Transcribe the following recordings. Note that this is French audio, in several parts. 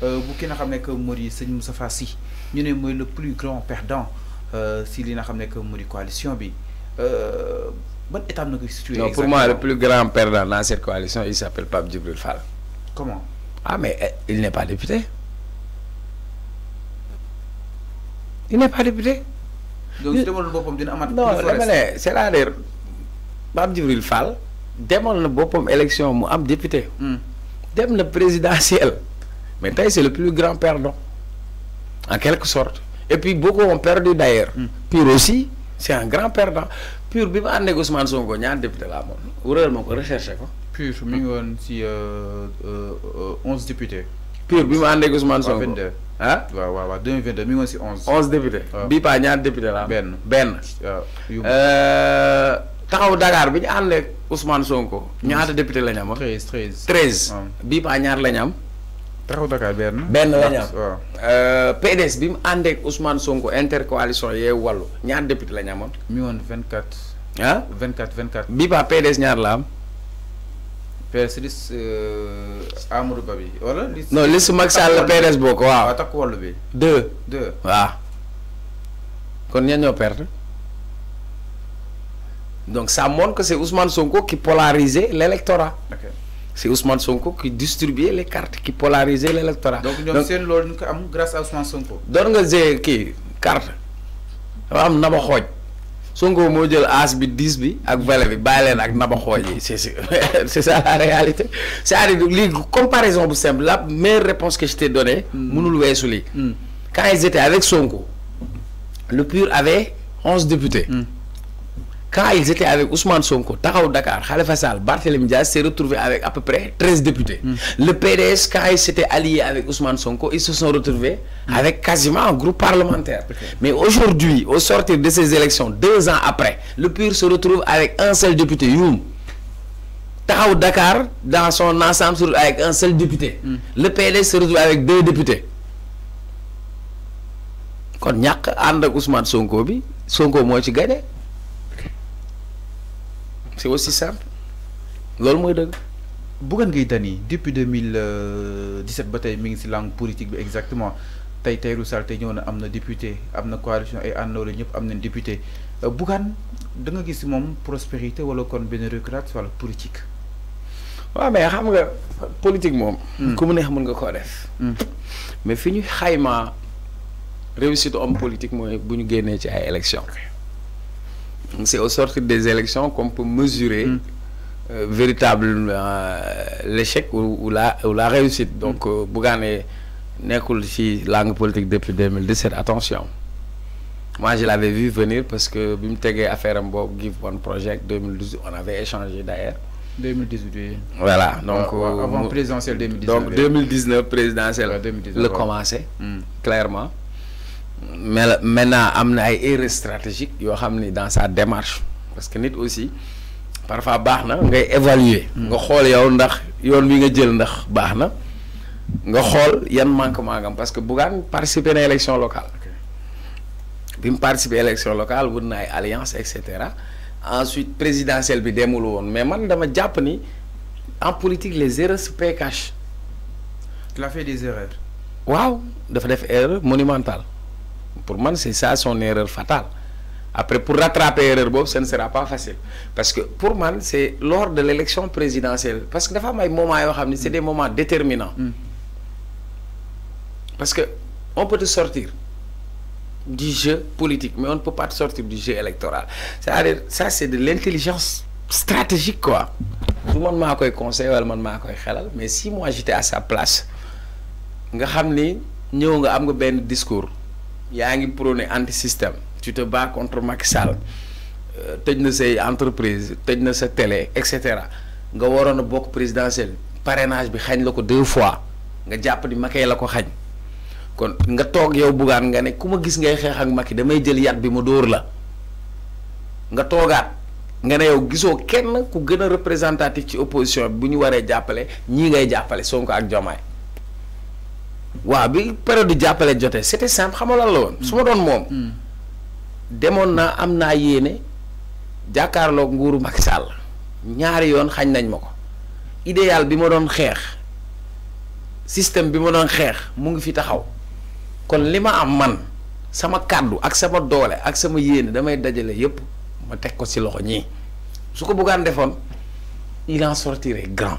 Euh, bu ki nga xam que moo di Moustapha Sy ñu le plus grand perdant euh, si li nga xam nekk moo coalition bi euh, ban étape na ko situé. non pour moi le plus grand perdant dans cette coalition il s'appelle Pape Djibril Fall. comment. ah mais eh, il n'est pas député. il n'est pas député. donc c'est demoon na dina amaat. non dama c'est-à-dire Pape Djibril Fall demoon na boppam élection mu am député. Hmm. dem na présidentielle. Mais Taï, c'est le plus grand perdant, en quelque sorte. Et puis beaucoup ont perdu d'ailleurs. Mm. Pur aussi, c'est un grand perdant. Pur, il y a des Ousmane Sonko, il y a député là. Il y a recherche. Pur, il y a si, euh, euh, 11 euh, députés. Pur, il y a des Ousmane Sonko. 22. Hein? Ouais, ouais, ouais. 2022, il y a 11. 11 députés. Il y a des députés là. Ben. Ben. Euh, taxaw Dakar bi ñu ànd Ousmane Sonko ñaata député la ñu am 13 13 13 bii paa ñaar la ñu am taxaw Dakar benn. benn la ñam euh, PDS bi mu àndee ak Ousmane Sonko intercoalition yee walu ñaar député la ñu amoon. mi woon 24. quatre. ah ba PDS ñaar la am. PS liste euh, Amadou wala. liste non liste Macky la PDS boko ko waaw. waaw takku bi. deux deux waaw. kon ñan ñoo perte. donc ça montre que c'est Ousmane Sonko qui polarise l'électorat c'est Ousmane Sonko qui distribuait les cartes qui polarisait l'électorat. donc nous seen que grâce à Ousmane Sonko. Donc, nga jël une carte C'est am naba xooj Sonko a jël as bi 10 bi ak valet c'est ça la réalité cest à comparaison simple la meilleure réponse que je t'ai donnée. Hmm. mënul weesu hmm. quand ils étaient avec Sonko le PUR avait 11 députés. Hmm quand ils étaient avec Ousmane Sonko taxaw Dakar Khalifa Sall Barthélémy Diaz s'est retrouvé avec à peu près 13 députés. Hmm. le PDS quand ils s'étaient alliés avec Ousmane Sonko ils se sont retrouvés hmm. avec quasiment un groupe parlementaire. mais aujourd'hui au sortir de ces élections deux ans après le PUR se retrouve avec un seul député Youm Dakar dans son ensemble avec un seul député. Hmm. le PDS se retrouve avec deux députés. Quand Ousmane Sonko Sonko c'est aussi simple loolu mooy de Bougane Gueye depuis 2017 bataille tey mi ci langue politique bi exactement tey Tahirou Sarr tey ñëw député am na coalition ay àndoo la ñëpp député euh, Bougane da nga gis moom prospérité wala kon benn wala politique. waaw mais xam nga politique comme hmm. ku mu neex mën nga koo def. Hmm. mais fi ñu xaymaa réussite homme politique mooy bu ñu ci ay élections c'est au sortir des élections qu'on peut mesurer mm. euh, véritablement euh, l'échec ou, la, réussite. Mm. Donc, mm. Bougane Nekul, si langue politique depuis 2017, attention. Moi, je l'avais vu venir parce que Bimtege a fait un bon Give One Project 2012. On avait échangé d'ailleurs. 2018. Voilà. Ah, donc, ah, avant présidentiel 2019. Donc 2019, présidentiel, le commencer mm. clairement mais maintenant amna ay erreurs stratégiques yo xamni dans sa démarche parce que nit aussi parfois baxna ngay évaluer hmm. nga xol yow ndax yoon bi nga jël ndax baxna nga xol yan manquement nga parce que bougan participer à élection locale bim participer participer élection locale wone alliance et cetera ensuite présidentielle bi demul mais man dama japp ni en politique les erreurs se paient cash. fait des erreurs. waaw dafa def erreur monumentale pour moi, c'est ça son erreur fatale. Après, pour rattraper l'erreur, ce ne sera pas facile. Parce que pour moi, c'est lors de l'élection présidentielle. Parce que des fois, c'est des moments déterminants. Mm. Parce que on peut te sortir du jeu politique, mais on ne peut pas sortir du jeu électoral. cest ça, c'est de l'intelligence stratégique, quoi. Tout le monde m'a conseillé, tout le monde Mais si moi, j'étais à sa place, tu sais, nous avons un discours. yaa ngi prôné anti système tu te bats contre Macky Sall euh, tëj na say entreprise tëj na sa télé et cetera nga waroon a bokk présidentielle parenage bi xañ la ko deux fois nga jàpp ni Macky la ko xañ kon nga toog yow buggaan nga ne ku ma gis ngay xeex ak Macky damay jël yat bi mu dóor la nga toogaat nga ne yow gisoo kenn ku gën a représentatif ci opposition bi bu ñu waree jàppale ñii ngay jàppale Sonko ak Diomaye wa bi période jappelé joté c'était simple xamal la won hmm. suma don mom moom. Hmm. na amna am jakarlo nguru jàkkaarloog Macky Sall ñaari yoon xagn nañ mako idéal bi mo don xex système bi mo don xex mu ngi fi taxaw kon Lima am man sama kaddu ak sama doole ak sama yene damay dajale yépp ma tek ko ci loxo ñi su ko buggaan defoon il en sortirait grand.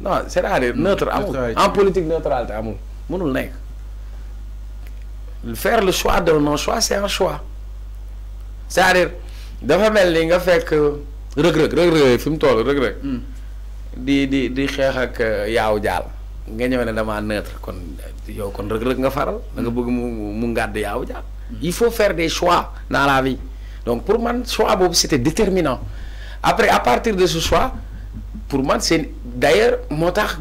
non c'est-à-dire neutre amour en politique neutralité amour mënul nekk faire le choix de non choix c'est un choix c'est-à-dire dafa mel ni nga fekk rëg-rëg rëg-rëg fi regret, toll hmm. di di di xeex ak eh, yaaw dial nga ñëw ne neutre kon eh, yow kon rëg-rëg nga faral da nga bëgg mu mu yaaw dial hmm. il faut faire des choix dans la vie donc pour man choix bob c'était déterminant après à partir de ce choix pour moi, c'est d'ailleurs moo tax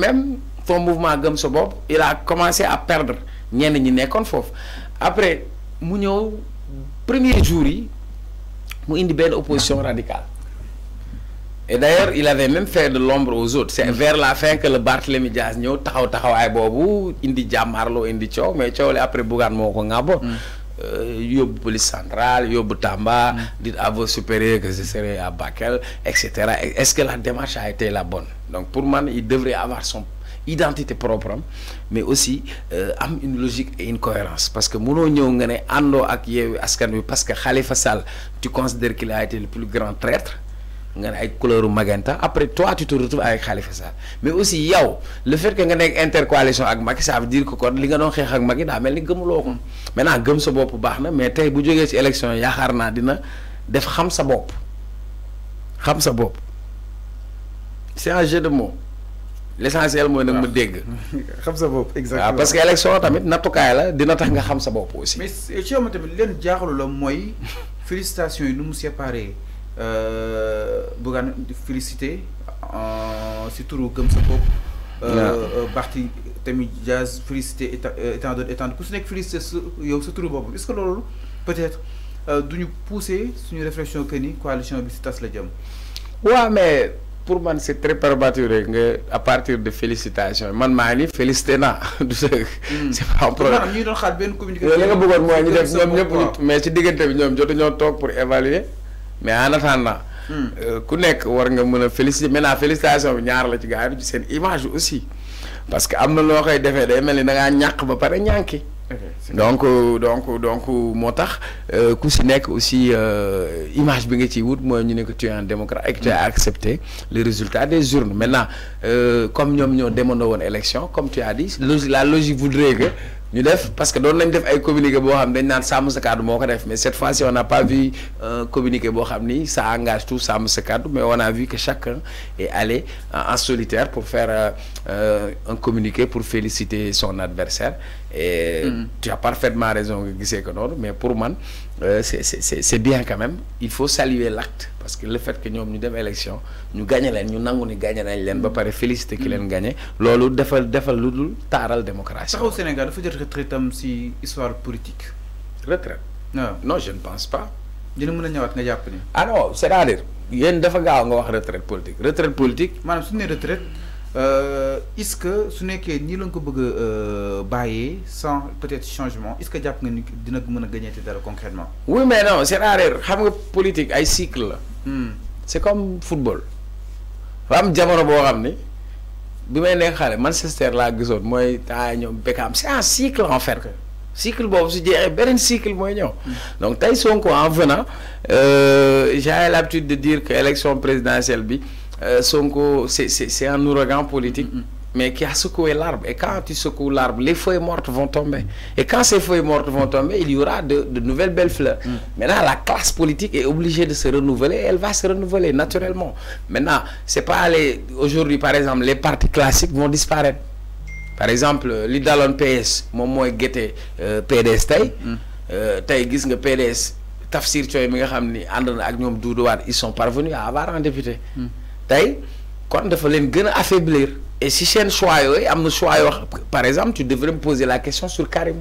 même son mouvement gëm sa il a commencé à perdre ñenn ñi après mu premier jour yi mu indi une opposition radicale et d'ailleurs il avait même fait de l'ombre aux autres c'est vers la fin que le Barthélemy Diaz ñëw taxaw taxawaay Bobu, indi jamarlo, indi coow mais coow après Bougan Moko euh, yóbbu police centrale yob Tamba. Mm. dites à ah, vos supérieurs que je serai à Bakel etc. est-ce que la démarche a été la bonne donc pour moi, il devrait avoir son identité propre hein. mais aussi euh, am une logique et une cohérence parce que Mouno ñëw nga ne àndoo ak askan parce que Khalifa Sall tu considères qu'il a été le plus grand traître nga ne ay couleur magenta après toi tu te ay avec Khalifa mais aussi yow le fait que nga nekk intercoalition ak Macky ça veut dire kon li nga doon xeex ak Macky daa mel ni gëmuloo ko maintenant gëm sa bopp baax na mais tey bu jógee ci élection yaakaar naa dina def xam sa bopp xam sa bopp c'est de mots l'essentiel mooy nag ma dégg. xam sa bopp exactement waaw parce que élection tamit nattukaay la dina tax nga xam sa bopp aussi. mais euh, ci yow tamit leen jaaxalu la mooy félicitation yi nu mu séparé. euh, di félicité si turu comme sa bopp. parti tamit jazz félicité état état de état ku félicité sa yow sa turu boppam est-ce que loolu peut-être euh, ñu pousser suñu réflexion que ni coalition bi si tas la jëm. waaw mais pour man c'est très prématuré nga à partir de félicitations man maa ni félicité naa du sëg. Hmm. c'est pas un problème ñu doon xaar benn communication. nga bëggoon mooy ñu def ñoom ñëpp mais ci diggante bi ñoom jotu ñoo toog pour évaluer mais en attendant. Hmm. Euh, ku nekk war nga a féliciter maintenant félicitation bi ñaar la ci gars image aussi parce que am na loo koy defee day mel ni da ngaa ñàq ba pare donc euh, donc donc moo tax euh, ku si aussi image bi nga ci wut mooy ñu ne ko tu es un démocrate et que tu as hmm. accepté les résultats des urnes maintenant comme nous ñoo demandé une élection comme tu as dit la logique voudrait que nous def parce que nous nañ communiqué mais cette fois-ci on n'a pas vu communiquer euh, communiqué ça engage tout mais on a vu que chacun est allé euh, en solitaire pour faire euh, un communiqué pour féliciter son adversaire et mm. tu as parfaitement raison que mais pour moi, euh, c'est bien quand même il faut saluer l'acte parce que le fait que nous ñu eu élection ñu gagné nous ñu nangu ni gagné nañ leen ba nous félicité ki leen gagné loolu defal defal lu dul la démocratie. taxaw Sénégal faut dire retraite am si histoire politique. retraite. non ah. non je ne pense pas. je ne a ñëwaat nga jàpp ni. ah non c'est-à-dire il dafa a nga wax retraite politique retraite politique. maanaam suñu une retraite. Euh, est-ce que su nekkee nii la nga ko bëgg a euh, bàyyee sans peut-être changement est-ce que jàpp nga ni dina mën a gagner dara concrètement oui mais non c'est rare xam nga politique ay cycle la. Hmm. c'est comme football. fa jamono bo xamné ni bi may nekk xale Manchester la gisoon moy tay ñom Beckham c'est un cycle en fait. cycle boobu su jeexee benen cycle moy ñow hmm. donc tey Sonko en venant euh j'ai l'habitude de dire que élection présidentielle bi. Euh, Sonko, c'est un ouragan politique. Mm-hmm. Mais qui a secoué l'arbre. Et quand tu secoues l'arbre, les feuilles mortes vont tomber. Et quand ces feuilles mortes vont tomber, il y aura de, de nouvelles belles fleurs. Mm. Maintenant, la classe politique est obligée de se renouveler. elle va se renouveler naturellement. Maintenant, c'est pas aller Aujourd'hui, par exemple, les partis classiques vont disparaître. Par exemple, euh, l'Idalon PS, mon est guetté PDS Tay. Mm. Euh, Tay, PDS, Tafsir ils sont parvenus à avoir un député. Mm quand kon dafa affaiblir et si un choix choix par exemple tu devrais me poser la question sur Karim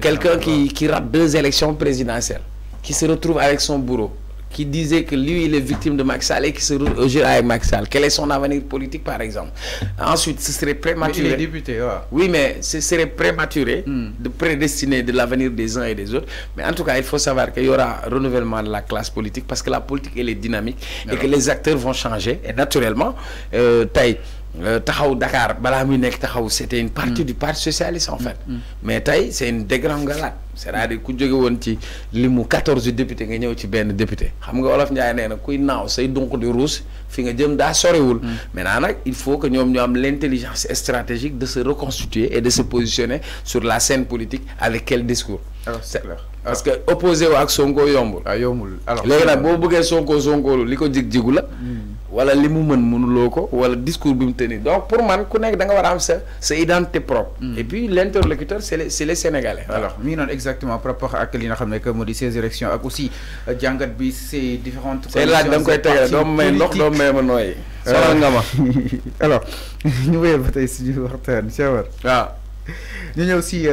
quelqu'un qui qui rate deux élections présidentielles qui se retrouve avec son bourreau qui disait que lui, il est victime de Maxal et qui se roule avec Maxal. Quel est son avenir politique, par exemple Ensuite, ce serait prématuré. député, Oui, mais ce serait prématuré hmm. de prédestiner de l'avenir des uns et des autres. Mais en tout cas, il faut savoir qu'il y aura renouvellement de la classe politique parce que la politique, elle est dynamique et que les acteurs vont changer. Et naturellement, euh, taille. Euh, taxaw Dakar balaa muy nekk taxaw c'était une partie mm. du parti socialiste en fait mm. mais tey c'est une dégringolade c'est-à-dire ku jóge woon ci li 14 députés, député nga ñëw ci député xam nga Wolof Njaay nee na kuy naaw say donc di ruus fi nga jëm daa sorewul mm. maintenant il faut que nous ñu am l'intelligence stratégique de se reconstituer et de se positionner sur la scène politique avec quel discours c'est clair parce ah. que opposé à ak Sonko yombul ah, yombul alors léegi nag boo Sonko Sonko lu li ko la wala limu man mën mënuloo ko wala discours bi mu tenir donc pour man ku nekk da nga war a am sa sa identité propre. Mm. et puis l' interlocuteur c' est les sénégalais. alors mi non noonu exactement par rapport ak li nga xam ne que moo di ces élections ak aussi euh, jàngat bi ces différentes. C'est laaj da nga koy tegale doo may ndox doo may ma nooyi. Euh, sonal nga ma alors ñu wéyal ba tey suñu waxtaan waaw ah. ñu ñëw si. Euh,